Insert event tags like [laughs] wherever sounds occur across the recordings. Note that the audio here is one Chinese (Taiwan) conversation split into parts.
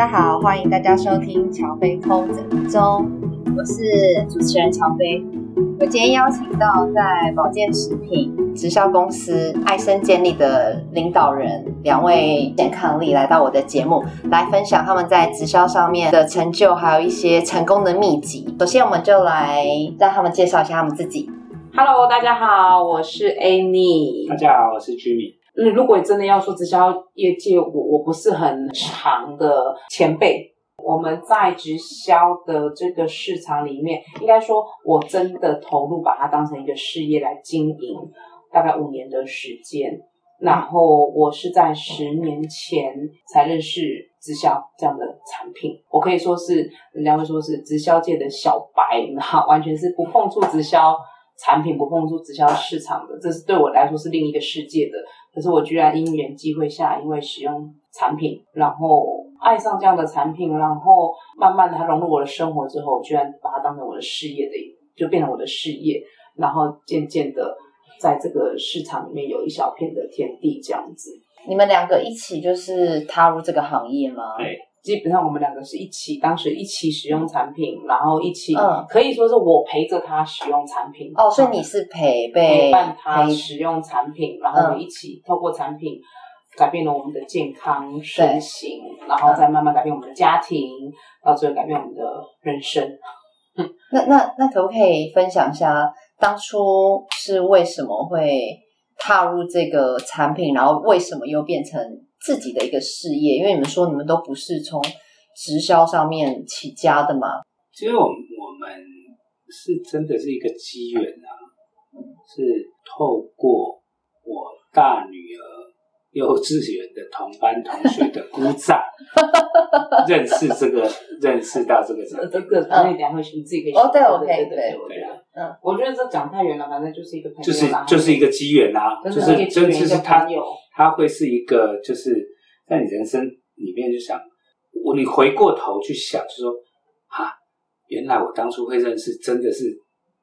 大家好，歡迎大家收聽喬飛空中，我是主持人喬飛。我今天邀請到在保健食品直銷公司愛森建立的領導人兩位健康力來到我的節目，來分享他們在直銷上面的成就，還有一些成功的秘籍。首先，我們就來讓他們介紹一下他們自己。Hello，大家好，我是 Anny。大家好，我是 Jimmy。嗯，如果真的要說直銷業界，我我不是很長的前輩。我們在直銷的這個市場裡面，應該說我真的投入把它當成一個事業來經營，大概五年的時間。然後我是在十年前才認識直銷這樣的產品，我可以說是人家會說是直銷界的小白，哈，完全是不碰觸直銷。產品不碰觸直銷市場的，這是對我來說是另一個世界的。可是我居然因緣機會下，因為使用產品，然後愛上這樣的產品，然後慢慢的它融入我的生活之後，居然把它當成我的事業的，就變成我的事業。然後漸漸的，在這個市場裡面有一小片的天地這樣子。你們兩個一起就是踏入這個行業嗎？對、欸。基本上我們兩個是一起，當時一起使用產品，然後一起、嗯、可以說是我陪着他使用產品哦，嗯、所以你是陪被陪伴他使用產品，陪然後我們一起透過產品改變了我們的健康、嗯、身形，對然後再慢慢改變我們的家庭，到最後、嗯、改變我們的人生。嗯、那那那可不可以分享一下，當初是為什麼會踏入這個產品，然後為什麼又變成？自己的一個事業，因為你們說你們都不是從直銷上面起家的嘛。其實我我們是真的是一個機緣啊，是透過我大女兒幼稚園的同班同學的姑丈認識這個， [laughs] 認識到這個這個，然後自己可以哦，oh, 對，對對 okay, 對。Okay, 對啊嗯，我覺得這講得太遠了，反正就是一個就是就是一個機緣啊的就是真的、就是就是他，他會是一個，就是在你人生裡面就想，我你回過頭去想就是說，就說啊，原來我當初會認識，真的是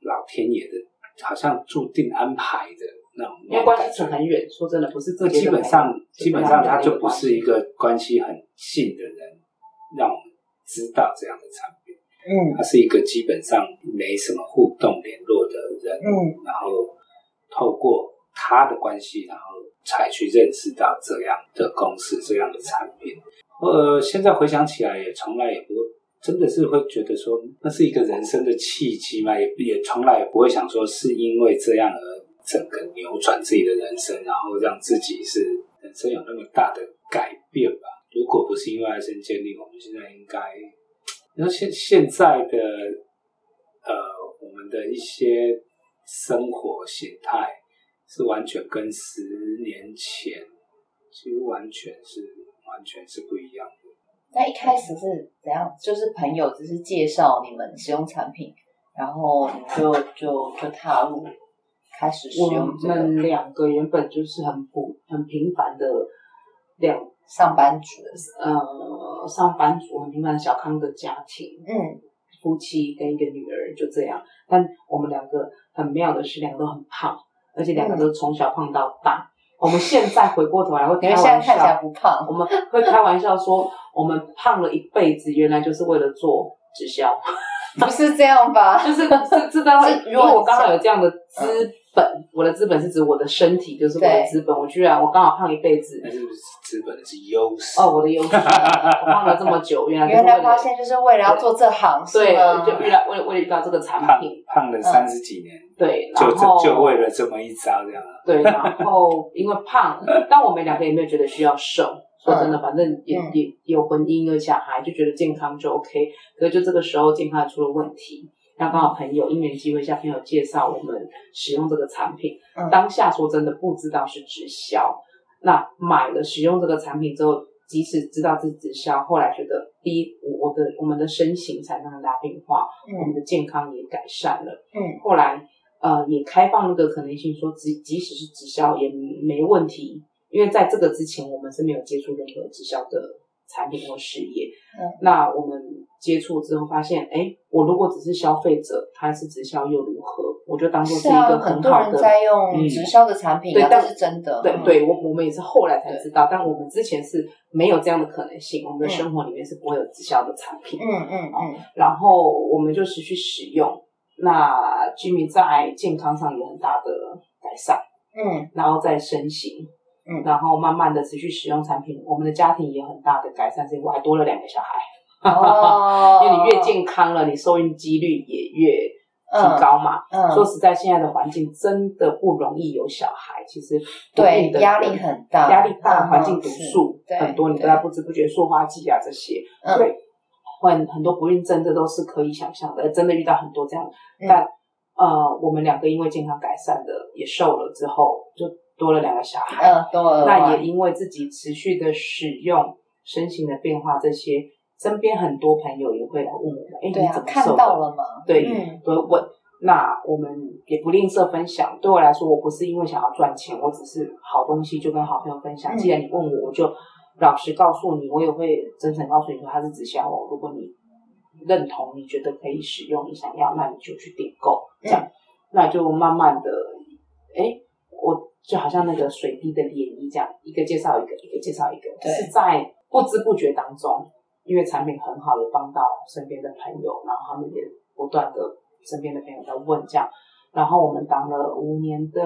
老天爺的，好像注定安排的那種。因為關係很遠，說真的，不是這基本上是基本上他就不是一個關係，關係很近的人，讓我們知道這樣的場面。嗯，他是一個基本上沒什麼互動聯絡的人，嗯，然後透過他的關係，然後才去認識到這樣的公司，這樣的產品。呃，現在回想起來，也從來也不會，真的是會覺得說那是一個人生的契機嘛，也也從來也不會想說是因為這樣而整個扭轉自己的人生，然後讓自己是人生有那麼大的改變吧。如果不是因為愛生建立，我們現在應該。你現現在的，呃，我們的一些生活形態是完全跟十年前，幾乎完全是完全是不一樣的。在一開始是怎樣？就是朋友只是介紹你們使用產品，然後你就就就踏入開始使用這個。我們兩個原本就是很普很平凡的兩上班族，嗯。上班族很平凡，小康的家庭，嗯，夫妻跟一個女兒就這樣。但我們兩個很妙的是，兩個都很胖，而且兩個都從小胖到大。嗯，我們現在回過頭來會開玩笑， [laughs] 你們現在看起來不胖，我們會開玩笑說，我們胖了一輩子，原來就是為了做直銷， [laughs] 不是這樣吧？ [laughs] 就是這這當然，因為我剛好有這樣的資。 [laughs] 我的資本是指我的身體，就是我的資本。我居然我剛好胖一輩子，那是不是資本是優勢？哦，我的優勢，我胖了這麼久，原來原來發現就是為了要做這行，對，就為了為了遇到這個產品，胖了三十幾年，對，就就為了這麼一招，這樣。對，然後因為胖，但我們兩個也沒有覺得需要瘦。說真的，反正也也有婚姻有小孩，就覺得健康就 OK。可是就這個時候，健康也出了問題。剛好朋友，因緣機會向朋友介紹我們使用這個產品。當下說真的不知道是直銷，嗯、那買了使用這個產品之後，即使知道是直銷，後來覺得第一，我的，我，的我們的身形產生了大變化，嗯、我們的健康也改善了。嗯，後來呃也開放那個可能性說，說即即使是直銷也沒問題，因為在這個之前我們是沒有接觸任何直銷的產品或事業。嗯、那我們。接觸之後發現，哎，我如果只是消費者，他是直銷又如何？我就當做是一個很好的。啊、很多人在用直銷的產品，對、嗯，但是真的，但嗯、對，對我我們也是後來才知道，對但我們之前是沒有這樣的可能性，我們的生活裡面是不會有直銷的產品。嗯嗯嗯。然後我們就持續使用，那 Jimmy 在健康上有很大的改善，嗯，然後在身形，嗯，然後慢慢的持續使用產品，我們的家庭也很大的改善，所以我還多了兩個小孩。哈哈，oh, 因為你越健康了，你受孕幾率也越提高嘛。嗯嗯、說實在，現在的環境真的不容易有小孩。其實你的對壓力很大，壓力大，環境毒素很多，你都在不知不覺塑化劑啊這些。所以很很多不孕症的都是可以想象的，真的遇到很多這樣。嗯、但呃，我們兩個因為健康改善的也瘦了之後，就多了兩個小孩。嗯，多了那也因為自己持續的使用身形的變化這些。身邊很多朋友也會來問我，哎，啊、你怎麼瘦？看到了嗎？對，都會問。那我們也不吝嗇分享。對我來說，我不是因為想要賺錢，我只是好東西就跟好朋友分享。嗯、既然你問我，我就老實告訴你，我也會真誠告訴你說它是直銷哦。如果你認同，你覺得可以使用，你想要，那你就去訂購。這樣，嗯、那就慢慢的，哎，我就好像那個水滴的漣漪，這樣一個介紹一個，一個介紹一個，對是在不知不覺當中。嗯因為產品很好，也幫到身邊的朋友，然後他們也不斷的身邊的朋友在問這樣，然後我們當了五年的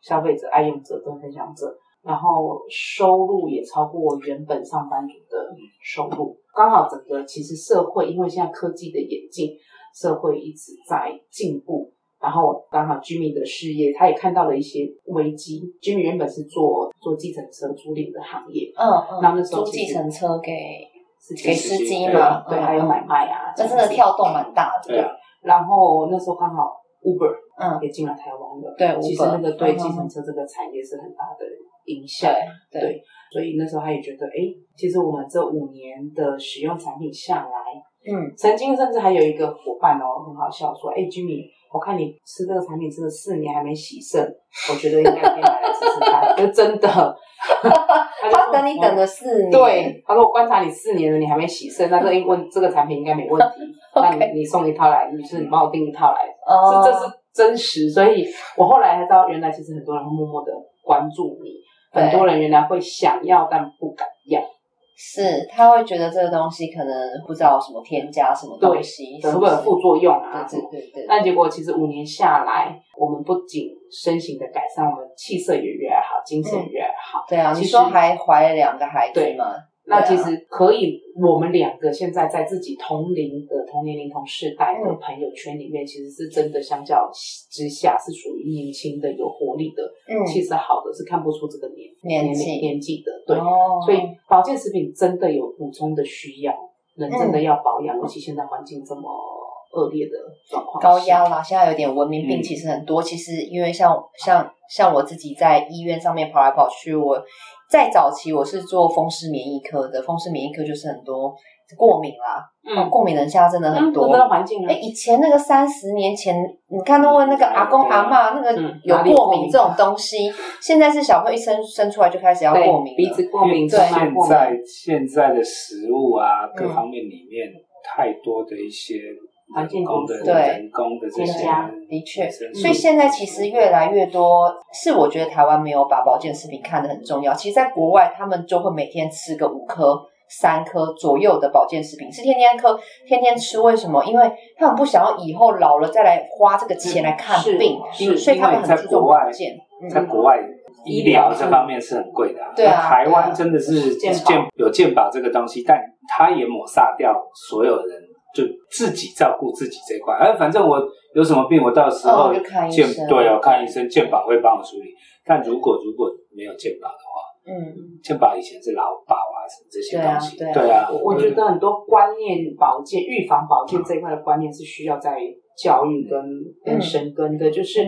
消費者、愛用者跟分享者，然後收入也超過原本上班族的收入，剛好整個其實社會因為現在科技的演進，社會一直在進步，然後剛好 Jimmy 的事業他也看到了一些危機，Jimmy 原本是做做計程車租賃的行業，嗯嗯，租、嗯、計程車給。給司機嘛，對，還有買賣啊，這真的跳動蠻大的。對對然後那時候剛好 Uber，嗯，也進了台灣了，嗯，對，Uber，其實那個對計程車這個產業是很大的影響。對，對，對，所以那時候他也覺得，哎，其實我們這五年的使用產品下來，嗯，曾經甚至還有一個夥伴哦，很好笑，說，哎，Jimmy，我看你吃這個產品，吃了四年還沒洗腎，我覺得應該可以買來，來試試看， [laughs] 就真的。 [laughs] 他等你等了四年， [laughs] 對，他說，我觀察你四年了，你還沒洗腎，那這，因為這個產品應該沒問題。那你你送一套來，你是幫我訂一套來，是這是真實。所以我後來才知道，原來其實很多人默默的關注你，很多人原來會想要但不敢要，是他會覺得這個東西可能不知道什麼添加什麼東西，有沒對有副作用啊？對對對、對。那結果其實五年下來，我們不僅身形的改善，我們氣色也越來越好，精神也越來好。嗯對啊，你說還懷了兩個孩子嘛？那其實可以，我們兩個現在在自己同齡的、呃、同年齡同世代的朋友圈裡面，其實是真的相較之下是屬於年輕的、有活力的。嗯，其實好的是看不出這個年年紀輕、年紀的。對，哦、所以保健食品真的有補充的需要，人真的要保養，尤其、嗯、現在環境這麼惡劣的狀況是，高壓啦，現在有點文明病，其實很多。嗯、其實因為像像。像我自己在醫院上面跑來跑去，我在早期我是做風濕免疫科的，風濕免疫科就是很多過敏啦，嗯、啊，過敏的人現在真的很多，環、嗯嗯、境呢、啊、哎、欸，以前那個三十年前，你看到問那個阿公、嗯、阿媽，那個有過敏這種東西，啊、現在是小朋友一生生出來就開始要過敏，鼻子過敏，在對，現在敏現在的食物啊，各方面裡面太多的一些。保健品對，工的這些人、啊、的確。所以現在其實越來越多，是我覺得台灣沒有把保健食品看得很重要。其實，在國外，他們就會每天吃個五顆、三顆左右的保健食品，是天天喝、天天吃。為什麼？因為他們不想要以後老了再來花這個錢來看病。是，是是因所以他們很注重保健在國外，嗯、在國外醫療這方面是很貴的、啊對啊。對、啊、台灣真的是，是健有健保這個東西，但它也抹殺掉所有人。就自己照顧自己這塊，哎，反正我有什麼病，我到時候健。對啊，哦、看醫生，健保會幫我處理。對但如果如果沒有健保的話，嗯，健保以前是勞保啊，什麼這些東西，對啊。對啊。對啊，我覺得很多觀念、保健、對預防保健這一塊的觀念是需要在教育跟跟深耕的。嗯、就是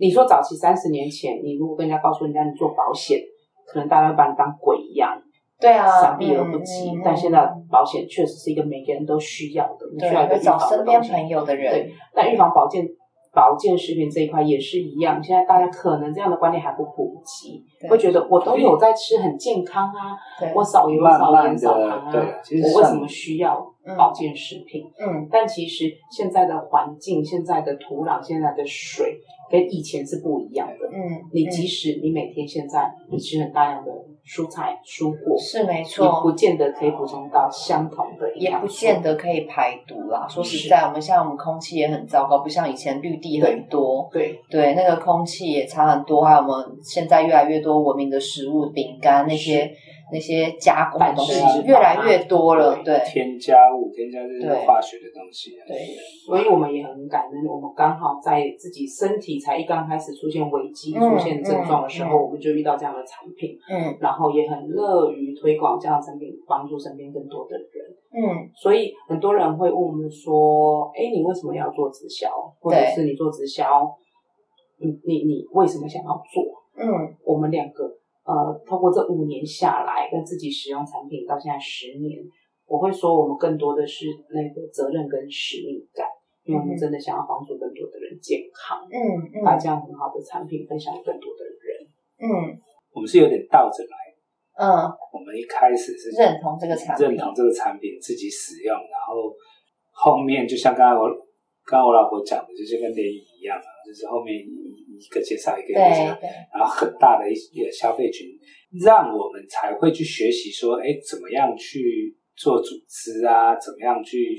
你說早期三十年前，你如果跟人家告訴人家你做保險，可能大家會把你當鬼一樣。對啊，閃避而不及，但現在保險確實是一個每個人都需要的，你需要一個找身邊朋友的人。對，但預防保健、保健食品這一塊也是一樣。現在大家可能這樣的觀念還不普及，會覺得我都有在吃很健康啊，我少油、少鹽、少糖啊，我為什麼需要保健食品？嗯，但其實現在的環境、現在的土壤、現在的水跟以前是不一樣的。嗯，你即使你每天現在你吃很大量的。蔬菜、蔬果是沒錯，不見得可以補充到相同的一些。也不見得可以排毒啦。說實在，是我們現在我們空氣也很糟糕，不像以前綠地很多，對對,對，那個空氣也差很多。還有我們現在越來越多文明的食物，餅乾那些。那些加工的東西越來越多了，對，添加物、添加這些化學的東西，對，所以我們也很感恩。我們剛好在自己身體才一剛開始出現危機、出現症狀的時候，我們就遇到這樣的產品，嗯，然後也很樂於推廣這樣產品，幫助身邊更多的人，嗯。所以很多人會問我們說：“哎，你為什麼要做直銷？或者是你做直銷，你你為什麼想要做？”嗯，我們兩個。呃，通過這五年下來跟自己使用產品到現在十年，我會說我們更多的是那個責任跟使命感，嗯、因為我們真的想要幫助更多的人健康，嗯嗯，把、嗯、這樣很好的產品分享給更多的人，嗯，我們是有點倒着來，嗯，我們一開始是認同這個產品，認同這個產品自己使用，然後後面就像剛才我剛，剛我老婆講的就是跟電影一樣就是後面。一個介紹一個介紹，然後很大的一個消費群，讓我們才會去學習說，哎，怎麼樣去做組織啊？怎麼樣去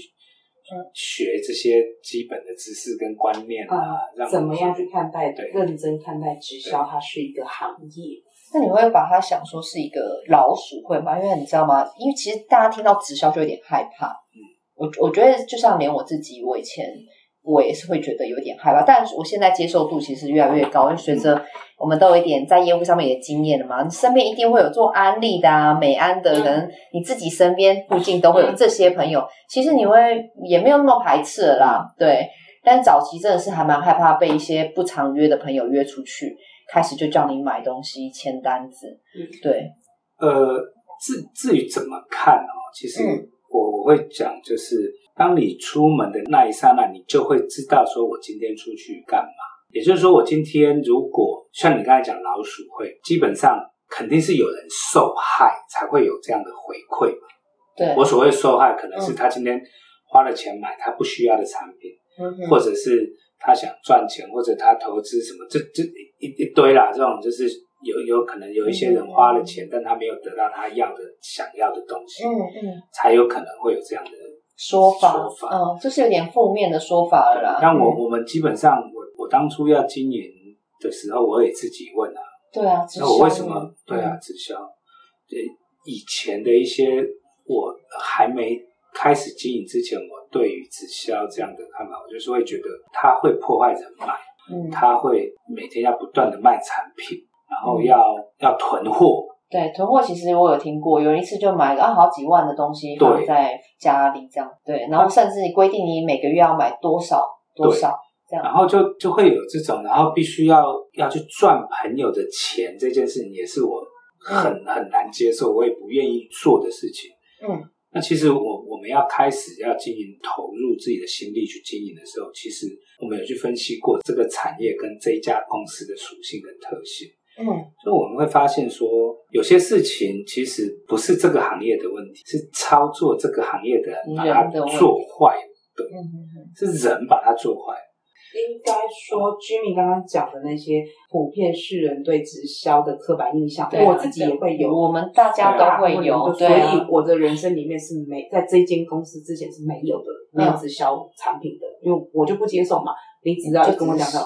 學這些基本的知識跟觀念啊？嗯、怎麼樣去看待？對認真看待直銷，它是一個行業。對那你會把它想說是一個老鼠會嗎？因為你知道嗎？因為其實大家聽到直銷就有點害怕。嗯，我我覺得就像連我自己，我以前。我也是會覺得有點害怕，但是我現在接受度其實越來越高，因為隨着我們都有一點在業務上面的經驗了嘛，你身邊一定會有做安利的、啊、美安的人，你自己身邊附近都會有這些朋友，其實你會也沒有那麼排斥了啦，對。但早期真的是還蠻害怕被一些不常約的朋友約出去，開始就叫你買東西、簽單子，對。呃，至至於怎麼看哦，其實我我會講就是。當你出門的那一剎那，你就會知道說，我今天出去幹嘛？也就是說，我今天如果像你剛才講老鼠會，基本上肯定是有人受害才會有這樣的回饋。對。我所謂受害，可能是他今天花了錢買他不需要的產品，或者是他想賺錢，或者他投資什麼，這這一一堆啦，這種就是有有可能有一些人花了錢，但他沒有得到他要的想要的東西，才有可能會有這樣的。說法，說法，嗯，就是有點負面的說法了啦。那我、嗯、我們基本上，我我當初要經營的時候，我也自己問啊。對啊，直銷。那我為什麼？對啊，直銷對。以前的一些我還沒開始經營之前，我對於直銷這樣的看法，我就是會覺得它會破壞人脈，它、嗯、會每天要不斷的賣產品，然後要、嗯、要囤貨。對囤貨，其實我有聽過，有一次就買了，啊，好幾萬的東西放在家裡這樣。對，對，然後甚至你規定你每個月要買多少多少對這樣。然後就就會有這種，然後必須要要去賺朋友的錢這件事情，也是我很，嗯、很難接受，我也不願意做的事情。嗯，那其實我我們要開始要經營投入自己的心力去經營的時候，其實我們有去分析過這個產業跟這一家公司的屬性跟特性。嗯，所以我們會發現說，有些事情其實不是這個行業的問題，是操作這個行業的人把它做壞，對，是人把它做壞。應該說，Jimmy 剛剛講的那些普遍世人對直銷的刻板印象，對我自己也會有，對我們大家都會有。對所以我的人生裡面是沒，在這一間公司之前是沒有的，沒有直銷產品的，因為我就不接受嘛。離職要就跟我講到，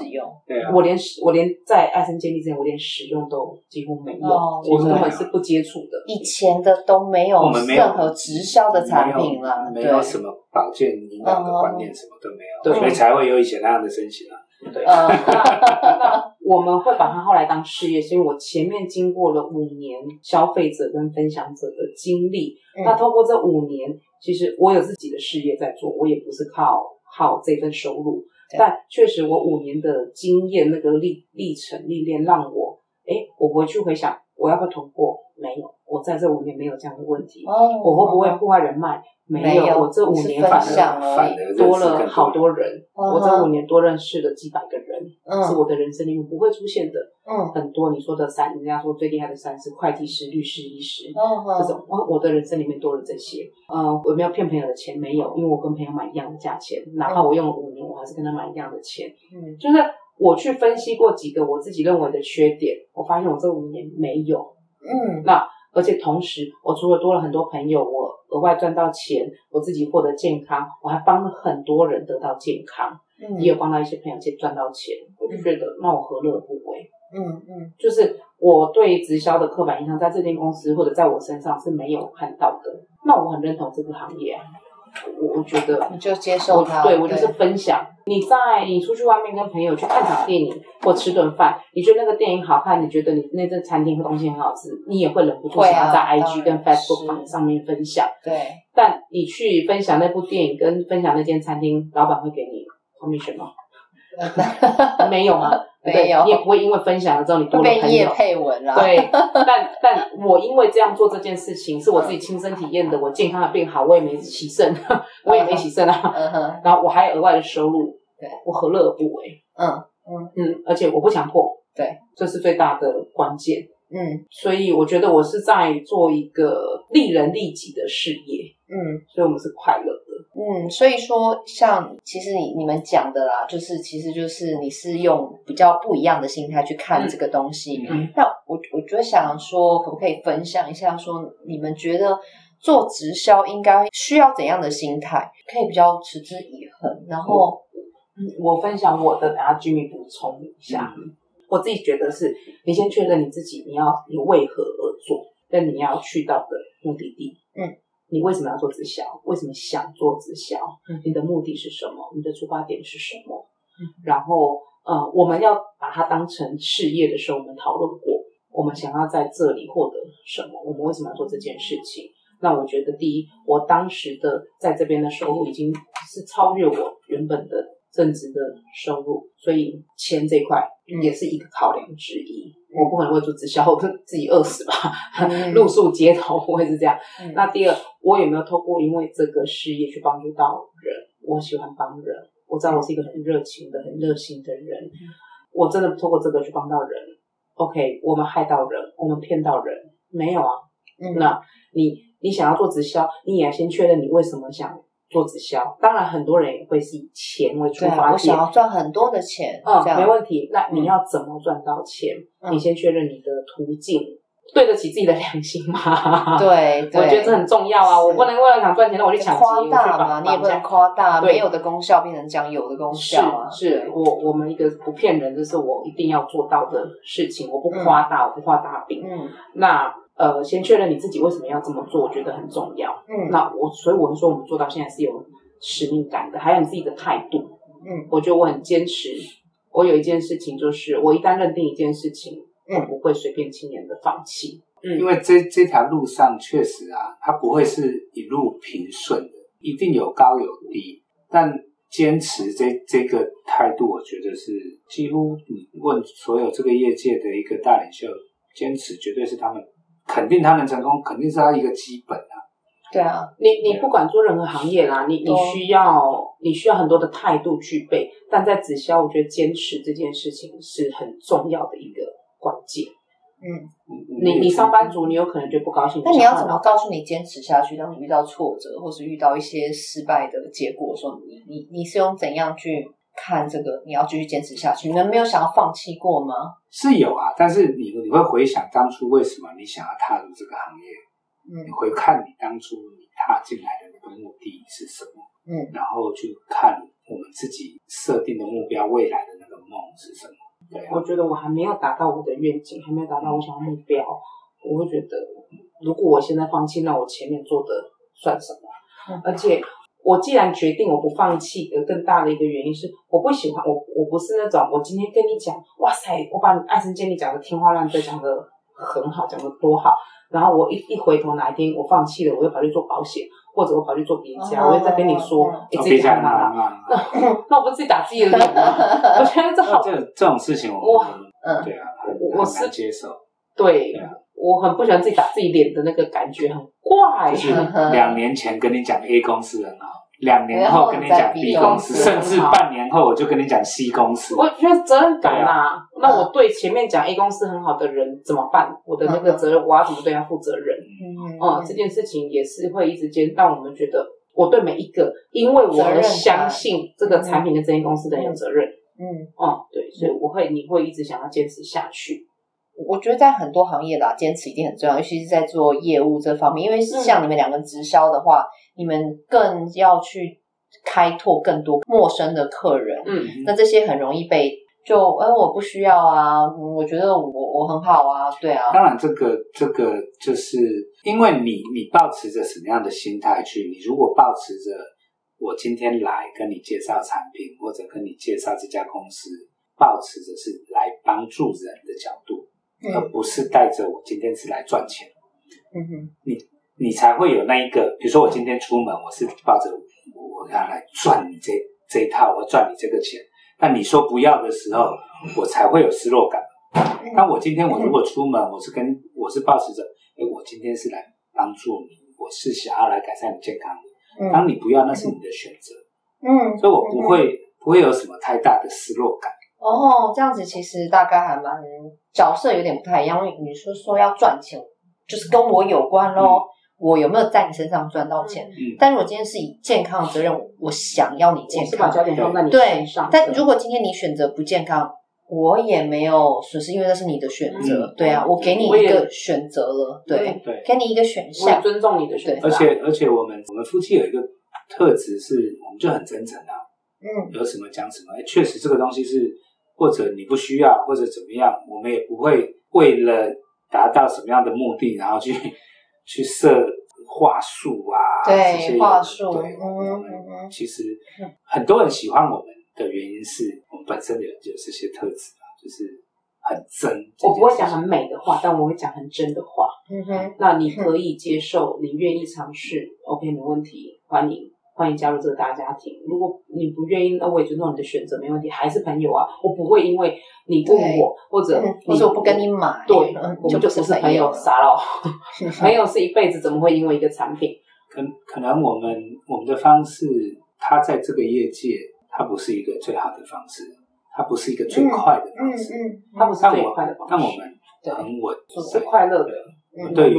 我連我連在愛生健力之前，我連使用都幾乎沒有，我們是不接觸的，以前的都沒有，我們沒有任何直銷的產品了，沒有什麼保健營養的觀念，什麼都沒有，所以才會有以前那樣的身形。啊。對，那那我們會把它後來當事業，因為我前面經過了五年消費者跟分享者的經歷，那透過這五年，其實我有自己的事業在做，我也不是靠靠這份收入。但確實，我五年的經驗、那個歷歷程、歷練，讓我，誒，我回去回想，我要不要通過？沒有，我在這五年沒有這樣的問題。哦。我會不會破壞人脈？沒有，沒有我這五年反而反而多了好多人。哦。我這五年多認識了幾百個人，嗯、是我的人生裡面不會出現的。嗯，很多你說的三，人家說最厲害的三，是會計師、律師、醫師，哦、呵呵這種。我我的人生裡面多了這些。嗯、呃，我沒有騙朋友的錢，沒有，因為我跟朋友買一樣的價錢，哪怕、嗯、我用了五年，我還是跟他買一樣的錢。嗯，就是我去分析過幾個我自己認為的缺點，我發現我這五年沒有。嗯，那而且同時，我除了多了很多朋友，我額外賺到錢，我自己獲得健康，我還幫了很多人得到健康。嗯，也有幫到一些朋友去賺到錢，我就覺得、嗯、那我何樂不為。嗯嗯，嗯，就是我對直銷的刻板印象，在這間公司或者在我身上是沒有看到的。那我很認同這個行業，我我覺得，你就接受它。我對，對我就是分享。對你在你出去外面跟朋友去看場電影的或吃頓飯，你覺得那個電影好看，你覺得你那間餐廳的東西很好吃，你也會忍不住想要在 I G 跟 Facebook 是上面分享。對，但你去分享那部電影跟分享那間餐廳，老闆會給你後面什麼？ [laughs] 沒有啊嘛， [laughs] 對沒有，你也不會因為分享了之後你多了朋友。配文啊。 [laughs] 對，但但我因為這樣做這件事情，是我自己親身體驗的。我健康的變好，我也沒起身。 [laughs] 我也沒起身啊。嗯、哼然後我還有額外的收入。對。我何樂而不為？嗯嗯嗯，而且我不強迫。對，這是最大的關鍵。嗯，所以我覺得我是在做一個利人利己的事業。嗯，所以我們是快樂。嗯，所以說，像其實你你們講的啦，就是其實就是你是用比較不一樣的心態去看這個東西。那、嗯嗯、我我覺得想說，可不可以分享一下，說你們覺得做直銷應該需要怎樣的心態，可以比較持之以恆？然後，我，我分享我的，等下 Jimmy 補充一下，嗯。我自己覺得是，你先確認你自己，你要你為何而做，跟你要去到的目的地。嗯。你為什麼要做直銷？為什麼想做直銷？你的目的是什麼？你的出發點是什麼？然後，呃，我們要把它當成事業的時候，我們討論過，我們想要在這裡獲得什麼？我們為什麼要做這件事情？那我覺得，第一，我當時的在這邊的收入已經是超越我原本的。正職的收入，所以錢這一塊也是一個考量之一。嗯、我不可能會做直銷，我自己餓死吧，露、嗯、宿街頭，不會是這樣。嗯、那第二，我有沒有透過因為這個事業去幫助到人？我喜歡幫人，我知道我是一個很熱情的、很熱心的人。我真的透過這個去幫到人。OK，我們害到人，我們騙到人，沒有啊？嗯、那你你想要做直銷，你也要先確認你為什麼想。做直銷，當然很多人也會是以錢為出發。對，我想要賺很多的錢。嗯，這樣。沒問題。那你要怎麼賺到錢？你先確認你的途徑，對得起自己的良心嗎？對，我覺得這很重要啊！我不能為了想賺錢，那我去搶劫，對吧？你也不能誇大，沒有的功效變成講有的功效啊！是，是我我們一個不騙人，這是我一定要做到的事情。我不誇大，我不畫大餅。嗯，那。呃，先確認你自己為什麼要這麼做，我覺得很重要。嗯，那我所以我是說，我們做到現在是有使命感的，還有你自己的態度。嗯，我覺得我很堅持。我有一件事情，就是我一旦認定一件事情，我不會隨便輕言的放棄。嗯，因為這這條路上確實啊，它不會是一路平順的，嗯，一定有高有低。但堅持這這個態度，我覺得是幾乎你問所有這個業界的一個大領袖，堅持絕對是他們。肯定他能成功，肯定是他一個基本的啊。對啊，你你不管做任何行業啦，對你都你需要你需要很多的態度具備，但在直銷，我覺得堅持這件事情是很重要的一個關鍵，嗯你嗯。嗯，你你上班族，你有可能就不高興。嗯，那你要怎麼告訴你堅持下去？當你遇到挫折，或是遇到一些失敗的結果的時候，你你你是用怎樣去？看這個，你要繼續堅持下去，你能沒有想要放棄過嗎？是有啊，但是你你會回想當初為什麼你想要踏入這個行業，嗯，你會看你當初你踏進來的那個目的是什麼，嗯，然後去看我們自己設定的目標，未來的那個夢是什麼。對啊，我覺得我還沒有達到我的願景，還沒有達到我想要目標，嗯，我會覺得如果我現在放棄，那我前面做的算什麼？嗯，而且。我既然決定我不放棄，而更大的一個原因是，我不喜歡我，我不是那種我今天跟你講，哇塞，我把愛神經你建立講的天花亂墜，講的很好，講的多好，然後我一一回頭哪一天我放棄了，我又跑去做保險，或者我跑去做別家，哦、我又再跟你說，哎、哦，別家嘛，那我不自己打自己的臉嗎？ [laughs] 我覺得這好，這這種事情我，我，嗯，對啊，我難接受，對。對啊。我很不喜歡自己打自己臉的那個感覺，很怪。就是兩年前跟你講 A 公司很好，兩年後跟你講 B 公司，甚至半年後我就跟你講 C 公司。我覺得責任感啊，啊那我對前面講 A 公司很好的人怎麼辦？我的那個責任，我要怎麼對他負責任？嗯，嗯這件事情也是會一直堅，讓我們覺得我對每一個，因為我而相信這個產品跟這些公司的人有責任。嗯，哦、嗯嗯，對，所以我會你會一直想要堅持下去。我覺得在很多行業的啊、堅持一定很重要，尤其是在做業務這方面，因為像你們兩個直銷的話，嗯、你們更要去開拓更多陌生的客人。嗯，那這些很容易被就哎、呃、我不需要啊，我覺得我我很好啊，對啊。當然，這個這個就是因為你你抱持着什麼樣的心態去？你如果抱持着我今天來跟你介紹產品，或者跟你介紹這家公司，抱持着是來幫助人的角度。而不是帶着我今天是來賺錢，嗯哼，你你才會有那一個，比如說我今天出門，我是抱着我要來賺你這這一套，我要賺你這個錢。但你說不要的時候，我才會有失落感。但我今天我如果出門，我是跟我是抱持著，哎，我今天是來幫助你，我是想要來改善你健康的。當你不要，那是你的選擇。嗯，所以我不會不會有什麼太大的失落感。哦，這樣子其實大概還蠻角色有點不太一樣。因為你說說要賺錢，就是跟我有關咯，我有沒有在你身上賺到錢？嗯，但是我今天是以健康的責任，我想要你健康。對，但如果今天你選擇不健康，我也沒有損失，因為那是你的選擇。對啊，我給你一個選擇了，對，對，給你一個選項。我也尊重你的選擇。而且而且我們我們夫妻有一個特質是，我們就很真誠啊。嗯，有什麼講什麼。哎，確實這個東西是。或者你不需要，或者怎麼樣，我們也不會為了達到什麼樣的目的，然後去去設話術啊，對，這些話術。對。其實、嗯、很多人喜歡我們的原因是我們本身有有這些特質就是很真。我不會講很美的話，但我會講很真的話。嗯哼。那你可以接受，你願意嘗試。嗯。OK，沒問題，歡迎。歡迎加入這個大家庭。如果你不願意，那、呃、我也尊重你的選擇，沒問題，還是朋友啊。我不會因為你對我，對或者你說、嗯、我不跟你買，對，嗯、對，我們就不是朋友，傻了？沒 [laughs] 有是一輩子，怎麼會因為一個產品？可可能我們我們的方式，它在這個業界，它不是一個最好的方式，它不是一個最快的方式，嗯嗯嗯、它不是最快的方式，但、但我們很穩，對就是快樂的。對，嗯、對於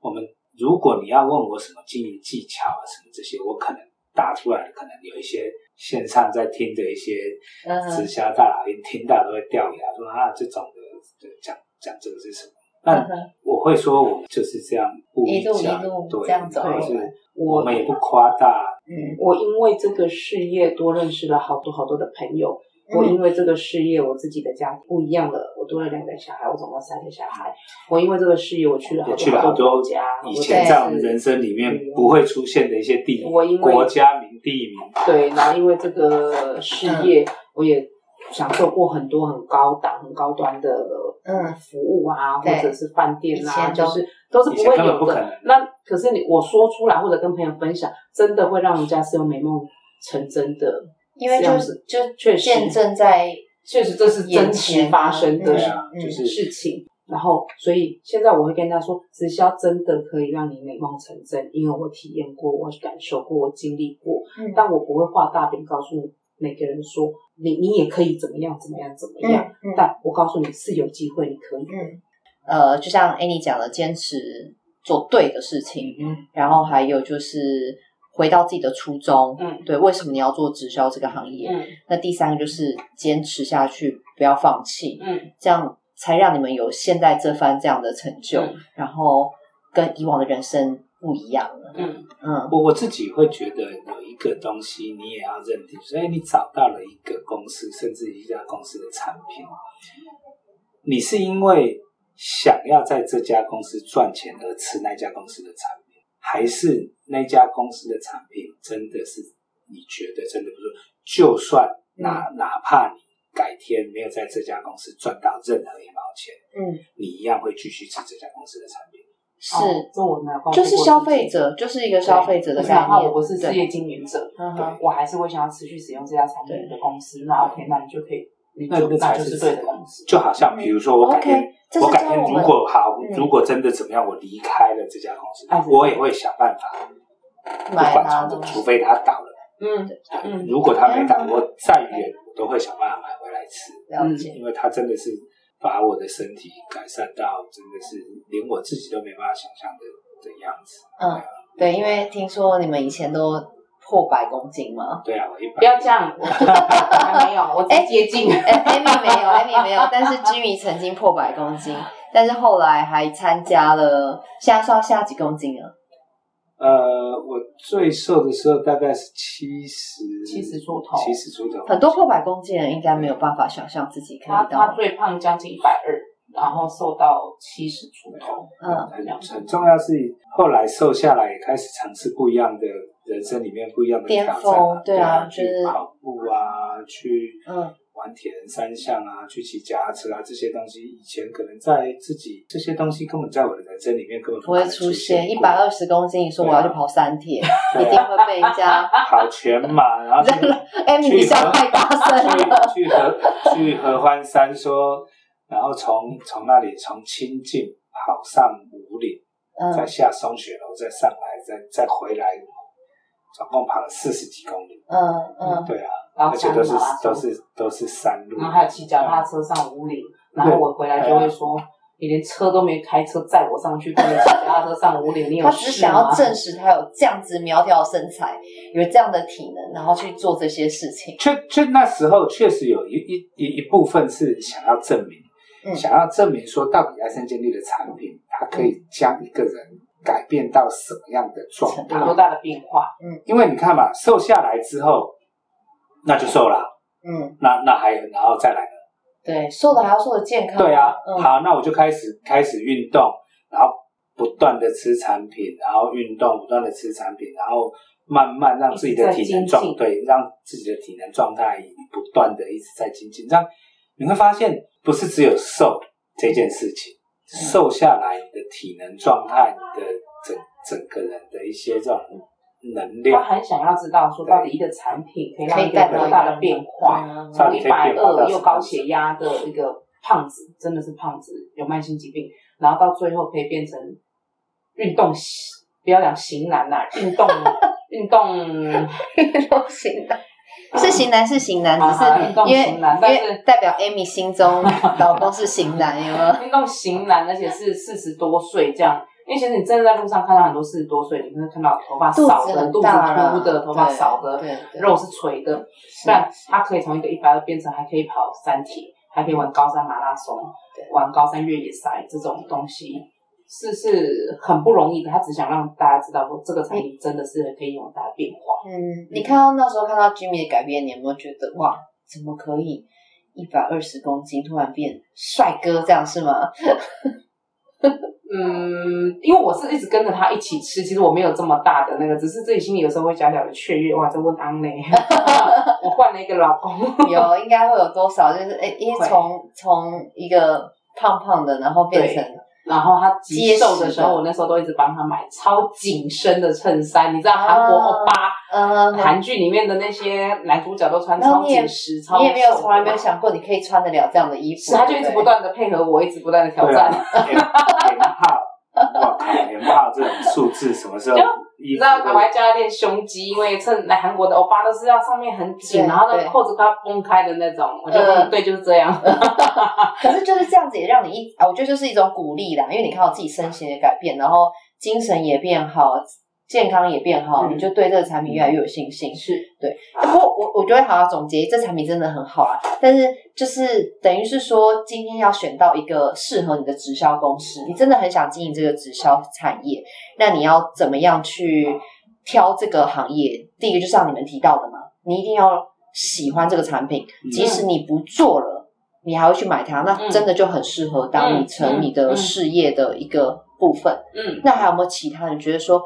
我們。如果你要問我什麼經營技巧啊，什麼這些，我可能打出來，可能有一些線上在聽的一些直銷大老，一、嗯、聽到都會掉牙，說啊這種的講講這個是什麼？但我會說，我就是這樣不一樣，嗯、對，一路一路這樣走，然後是，我們也不誇大。嗯，我因為這個事業多認識了好多好多的朋友，嗯、我因為這個事業，我自己的家不一樣了。多了兩個小孩，我總共三個小孩。我因為這個事業，我去了好多好多國家，以前在我們人生裡面不會出現的一些地國家名、地名。對，然後因為這個事業，嗯、我也享受過很多很高檔、嗯、很高端的嗯服務啊，對或者是飯店啊，就是都是不會有的。不可能的。那可是你我說出來或者跟朋友分享，真的會讓人家是有美夢成真的，因為就是就確實現正在。確實，這是真實發生的就是事情。然後，所以現在我會跟大家說，直銷真的可以讓你美夢成真，因為我體驗過，我感受過，我經歷過。但我不會畫大餅，告訴你每個人說，你你也可以怎麼樣怎麼樣怎麼樣。但我告訴你是有機會，你可以、嗯嗯嗯嗯嗯嗯嗯。呃，就像 Anny 講的，堅持做對的事情，然後還有就是。回到自己的初衷，嗯，對，為什麼你要做直銷這個行業？嗯、那第三個就是堅持下去，不要放棄，嗯，這樣才讓你們有現在這番這樣的成就，嗯、然後跟以往的人生不一樣了。嗯嗯，我、嗯、我自己會覺得，有一個東西你也要認定，所以你找到了一個公司，甚至一家公司的產品，你是因為想要在這家公司賺錢而吃那家公司的產品。還是那家公司的產品真的是你覺得真的不錯，就算哪哪怕你改天沒有在這家公司賺到任何一毛錢，嗯，你一樣會繼續吃這家公司的產品、哦。是，就我拿，就是消費者，就是一個消費者的觀念。嗯、我不是事業經營者，對對我還是會想要持續使用這家產品的公司。對那 OK，那你就可以，對你就那才是對的公司。就好像比如說我改天。這這我，我感覺，如果好，嗯、如果真的怎麼樣，我離開了這家公司，嗯、我也會想辦法。不管買啊！除非它倒了。嗯。嗯如果它沒倒，嗯、我再遠我都會想辦法買回來吃。了解、嗯、因為它真的是把我的身體改善到真的是連我自己都沒辦法想象的的樣子。嗯，我嗯，對，因為聽說你們以前都。破百公斤嗎？對啊，我一百不要這樣，我我 [laughs] 還沒有，我只接近。Anny 沒有，Anny 沒有，啊啊、但是 Jimmy 曾經破百公斤，啊、但是後來還參加了，現在瘦下幾公斤了、啊。呃，我最瘦的時候大概是七十，七十出頭，七十出頭。很多破百公斤的人應該沒有辦法想象自己看到。他他最胖將近一百二，然後瘦到七十出頭。嗯，嗯很重要是後來瘦下來也開始嘗試不一樣的。人生裡面不一樣的巔峰，對啊，去跑步啊，去嗯，玩鐵人三項啊，去騎腳踏車啊，這些東西以前可能在自己這些東西根本在我的人生裡面根本不會出現。一百二十公斤，你說我要去跑三鐵，一定會被人家跑全馬，然後去去太大聲了。去去去合歡山說，然後從從那裡從清境跑上武嶺，再下松雪樓，再上來，再再回來。總共跑了四十幾公里。嗯嗯，對啊，而且都是都是都是山路。然後還有騎腳踏車上武嶺，然後我回來就會說，你連車都沒開車載我上去，不騎腳踏車上武嶺。你有他只想要證實他有這樣子苗條身材，有這樣的體能，然後去做這些事情。確確，那時候確實有一一一部分是想要證明，想要證明說，到底愛森健力的產品，它可以將一個人。改變到什麼樣的狀態？多大的變化？嗯，因為你看嘛，瘦下來之後，那就瘦了。嗯，那，那那還有，然後再來呢？對，瘦的還要瘦的健康啊。對啊，嗯，好，那我就開始開始運動，然後不斷的吃產品，然後運動，不斷的吃產品，然後慢慢讓自己的體能狀，對，讓自己的體能狀態不斷的一直在精進。這樣你會發現，不是只有瘦這件事情。嗯嗯瘦下來，你的體能狀態，你的整整個人的一些這種能量，他很想要知道說，到底一個產品可以讓一個多大的變化？從一百二又高血壓的一個胖子，真的是胖子，有慢性疾病，然後到最後可以變成運動，不要講型男啦、啊、運動運 [laughs] 動型的。是型，男是型男，是型男，只是運、啊、動型男，為但是代表 Amy 心中老公是型男、啊，有運 [laughs] 動型男，而且是四十多歲這樣。因為其實你真的在路上看到很多四十多歲，你會看到頭髮少的，肚子凸的，頭髮少的，對對對，肉是垂的。但它可以從一個一百二變成，還可以跑三鐵，還可以玩高山馬拉松，對玩高山越野賽這種東西。是是很不容易的，他只想讓大家知道說，這個產品真的是可以有大變化。嗯，你看到那時候看到 Jimmy 的改變，你有沒有覺得哇，怎麼可以一百二十公斤突然變帥哥這樣是嗎？嗯，因為我是一直跟着他一起吃，其實我沒有這麼大的那個，只是自己心裡有時候會小小的雀躍，哇，這問安呢。 [laughs] 我換了一個老公，有應該會有多少？就是哎，因為從從一個胖胖的，然後變成。然後他極瘦的時候，我那時候都一直幫他買超緊身的襯衫。你知道韓國歐巴，啊嗯、韓劇裡面的那些男主角都穿超緊實、超緊，你也沒有從來沒有想過你可以穿得了這樣的衣服。他就一直不斷的配合我，一直不斷的挑戰。好、啊， [laughs] 哇靠！連帽這種數字什麼時候？你知道，我還加了點胸肌，因為趁來韓國的歐巴都是要上面很緊，對然後那扣子快要崩開的那種。呃、我覺得對，就是這樣。可是就是這樣子也讓你一、啊，我覺得就是一種鼓勵啦，因為你看到自己身形也改變，然後精神也變好。健康也變好，嗯、你就對這個產品越來越有信心。是、嗯、對。啊、不過我我就會好好總結，這產品真的很好啊。但是就是等於是說，今天要選到一個適合你的直銷公司，你真的很想經營這個直銷產業，那你要怎麼樣去挑這個行業？第一個就是像你們提到的嘛，你一定要喜歡這個產品，嗯、即使你不做了，你還會去買它。那真的就很適合當你成你的事業的一個部分。嗯，嗯嗯，那還有沒有其他人覺得說？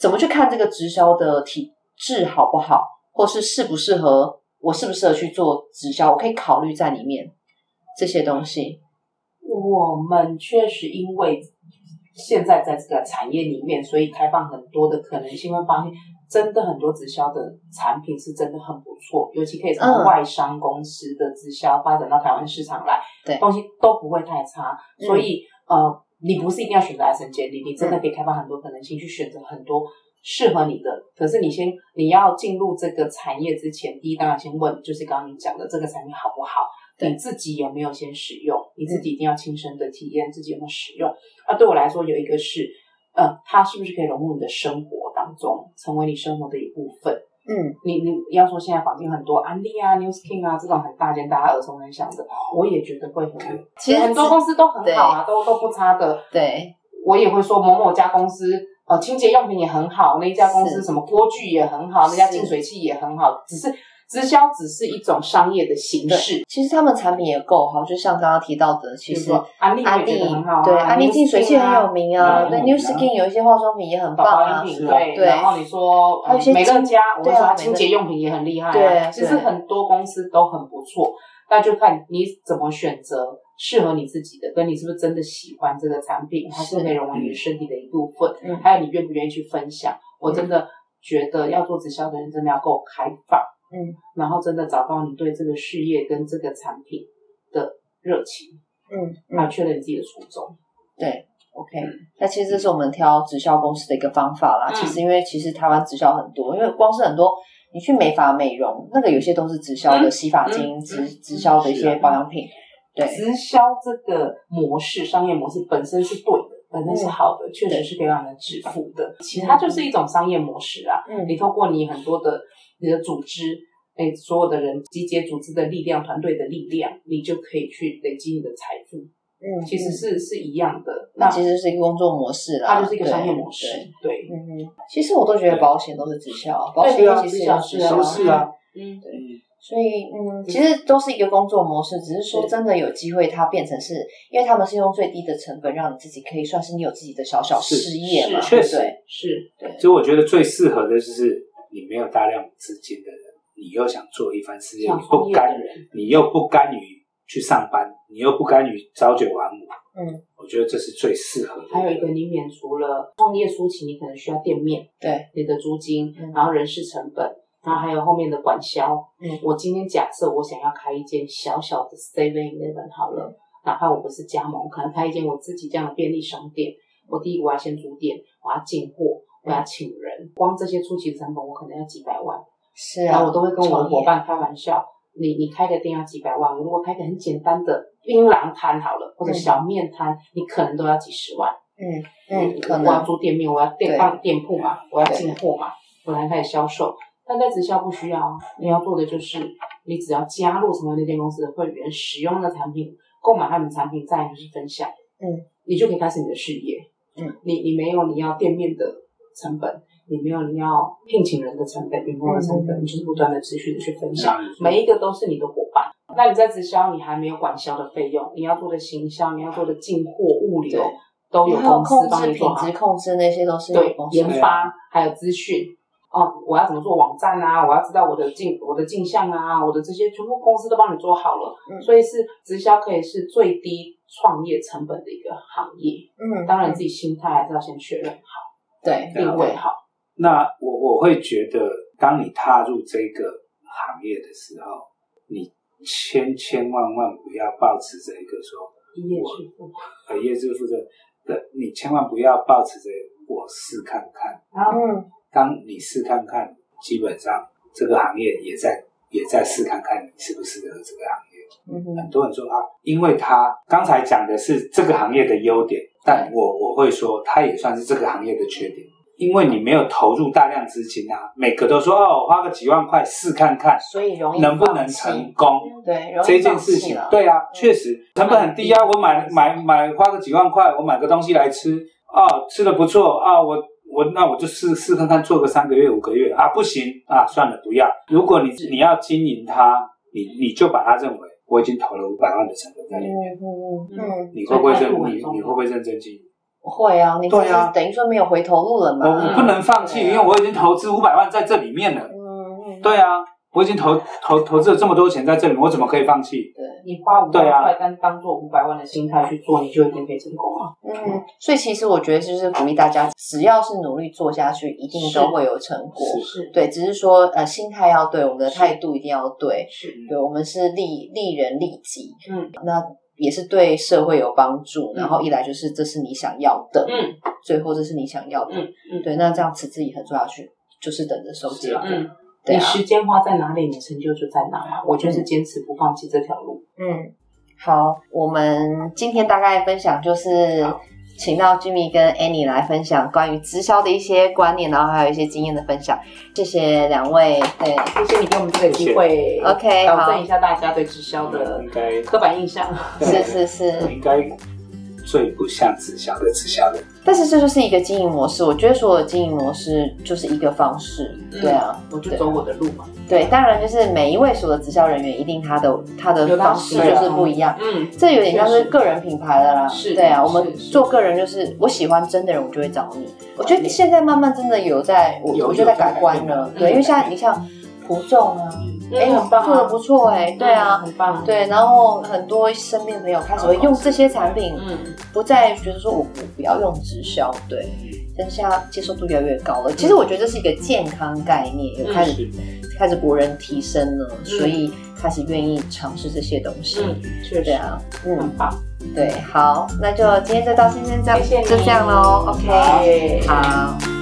怎麼去看這個直銷的體質好不好，或是適不適合我？適不適合去做直銷？我可以考慮在裡面這些東西。我們確實因為現在在這個產業裡面，所以開放很多的可能性跟方向。會發現真的很多直銷的產品是真的很不錯，尤其可以從外商公司的直銷、嗯、發展到台灣市場來，對東西都不會太差。所以、嗯、呃。你不是一定要選擇艾神哲，你你真的可以開發很多可能性、嗯、去選擇很多適合你的。可是你先，你要進入這個產業之前，第一當然先問，就是剛剛你講的這個產品好不好？對你自己有沒有先使用？你自己一定要親身的體驗、嗯、自己有沒有使用。那對我來說，有一個是，呃、嗯，它是不是可以融入你的生活當中，成為你生活的一部分？嗯，你你要說現在坊間很多安利啊、啊、NuSkin 啊，這種很大件，嗯、大家耳熟能詳的，嗯、我也覺得會很，其實很多公司都很好啊，對都都不差的。對，我也會說某某家公司，對呃，清潔用品也很好，那一家公司什麼鍋具也很好，是那家淨水器也很好，是只是。直銷只是一種商業的形式，其實他們產品也夠好，就像剛剛提到的，其實安利安利，對，安利淨水器很有名啊，那 New Skin 有一些化妝品也很棒啊，對，然後你說美樂家，我說清潔用品也很厲害對。其實很多公司都很不錯，那就看你怎麼選擇適合你自己的，跟你是不是真的喜歡這個產品，它是可以融為你身體的一部分，還有你願不願意去分享。我真的覺得要做直銷的人真的要夠開放。嗯，然後真的找到你對這個事業跟這個產品的熱情，嗯，然後確認你自己的初衷。對，OK。那其實這是我們挑直銷公司的一個方法啦。其實因為其實台灣直銷很多，因為光是很多你去美髮美容，那個有些都是直銷的洗髮精，直直銷的一些保養品。對，直銷這個模式，商業模式本身是對的，本身是好的，確實是可以讓人致富的。其實它就是一種商業模式啊，你透過你很多的。你的組織，所有的人集結組織的力量，團隊的力量，你就可以去累積你的財富。嗯，其實是是一樣的。那其實是一個工作模式啦，那就是一個商業模式。對，嗯嗯。其實我都覺得保險都是直銷，保險都是直銷，是啊，嗯，對。所以，嗯，其實都是一個工作模式，只是說真的有機會，它變成是因為他們是用最低的成本，讓你自己可以算是你有自己的小小事業嘛，確實，是。所以我覺得最適合的就是。你沒有大量資金的人，你又想做一番事業的人，你不甘人，你又不甘於去上班，你又不甘於朝九晚五。嗯，我覺得這是最適合的。還有一個，你免除了創業初期你可能需要店面，對，你的租金，然後人事成本，嗯、然後還有後面的管銷。嗯，我今天假設我想要開一間小小的 7-ELEVEN 店好了，哪怕我不是加盟，可能開一間我自己這樣的便利商店，我第一我要先租店，我要進貨。我要請人，光這些初期的成本，我可能要幾百萬。是啊，然後我都會跟我的夥伴開玩笑：“你你開個店要幾百萬？如果開個很簡單的檳榔攤好了，或者小麵攤，你可能都要幾十萬。”嗯嗯，我要租店面，我要店放店鋪嘛，我要進貨嘛，我才開始銷售。但在直銷不需要，你要做的就是，你只要加入成為那間公司的會員，使用那產品，購買他們產品，再就是分享。嗯，你就可以開始你的事業。嗯，你你沒有你要店面的成本，你沒有你要聘請人的成本，員工的成本，你就不斷的持續的去分享，嗯嗯嗯，每一個都是你的夥伴。那你在直銷，你還沒有管銷的費用，你要做的行銷，你要做的進貨、物流對都有公司幫你做啊。還有控制品質、控制那些都是對，有公司研發還有資訊。哦、嗯，我要怎麼做網站啊？我要知道我的鏡我的鏡像啊，我的這些全部公司都幫你做好了。嗯、所以是直銷可以是最低創業成本的一個行業。嗯，嗯，當然你自己心態還是要先確認好。對，定位後外好。那我我會覺得，當你踏入這個行業的時候，你千千萬萬不要抱持着一個說我，一夜致富，一夜致富的，你千萬不要抱持着、這個、我試看看。嗯、當你試看看，基本上這個行業也在也在試看看你適不適合這個行業。很多人說啊，因為他剛才講的是這個行業的優點，但我我會說，他也算是這個行業的缺點，因為你沒有投入大量資金啊，每個都說哦，花個幾萬塊試看看，所以容易能不能成功？對，這件事情，啊。對啊，確實成本很低啊，我買，買買買花個幾萬塊，我買個東西來吃，哦，吃得不錯啊，我我那我就試試看看，做個三個月五個月啊，啊，不行啊，算了不要。如果你你要經營它，你你就把它認為。我已經投了五百萬的成本在裡面，嗯，嗯嗯，你會不會認真？嗯嗯，你會不會認真經營？嗯，會啊，嗯嗯，你這是等於說沒有回頭路了嘛？我、啊嗯，不能放棄，啊，因為我已經投資五百萬在這裡面了。嗯嗯，嗯對啊。我已經投投投資了這麼多錢在這裡，我怎麼可以放棄？對，你花五百塊、啊、對單當做五百萬的心態去做，你就已經可以成功了。嗯，所以其實我覺得就是鼓勵大家，只要是努力做下去，一定都會有成果。是,是,是對，只是說呃，心態要對，我們的態度一定要對。是。是對，我們是利利人利己。嗯。那也是對社會有幫助，嗯、然後一來就是這是你想要的。嗯。最後，這是你想要的。嗯。嗯對，那這樣持之以恆做下去，就是等着收錢了.你時間花在哪裡，你成就就在哪、啊啊嗯、我就是堅持不放棄這條路。嗯，好，我們今天大概分享就是請到 Jimmy 跟 Anny 來分享關於直銷的一些觀念，然後還有一些經驗的分享。謝謝兩位，對，謝謝你給我們這個機會，謝謝，OK，糾好 正一下大家對直銷的應該刻板印象。應 [laughs] 對 是是是，應該。最不像直銷的直銷人。但是這就是一個經營模式。我覺得所有的經營模式就是一個方式，對啊，我就走我的路嘛。對，當然就是每一位所有的直銷人員，一定他的他的方式就是不一樣。嗯，這有點像是個人品牌的啦。是，對啊，我們做個人就是我喜歡真的人，我就會找你。我覺得現在慢慢真的有在我，我就在改觀了。對，因為現在你像。不重啊，也很棒。做的不錯哎，對啊，很棒。對，然後很多身邊的朋友開始會用這些產品，不再覺得說我我不要用直銷，對，等下接受度越來越高了。其實我覺得這是一個健康概念，也開始開始國人提升了，所以開始願意嘗試這些東西，是這樣，嗯，好，對，好，那就今天就到今天這樣，就這樣嘍，OK，好。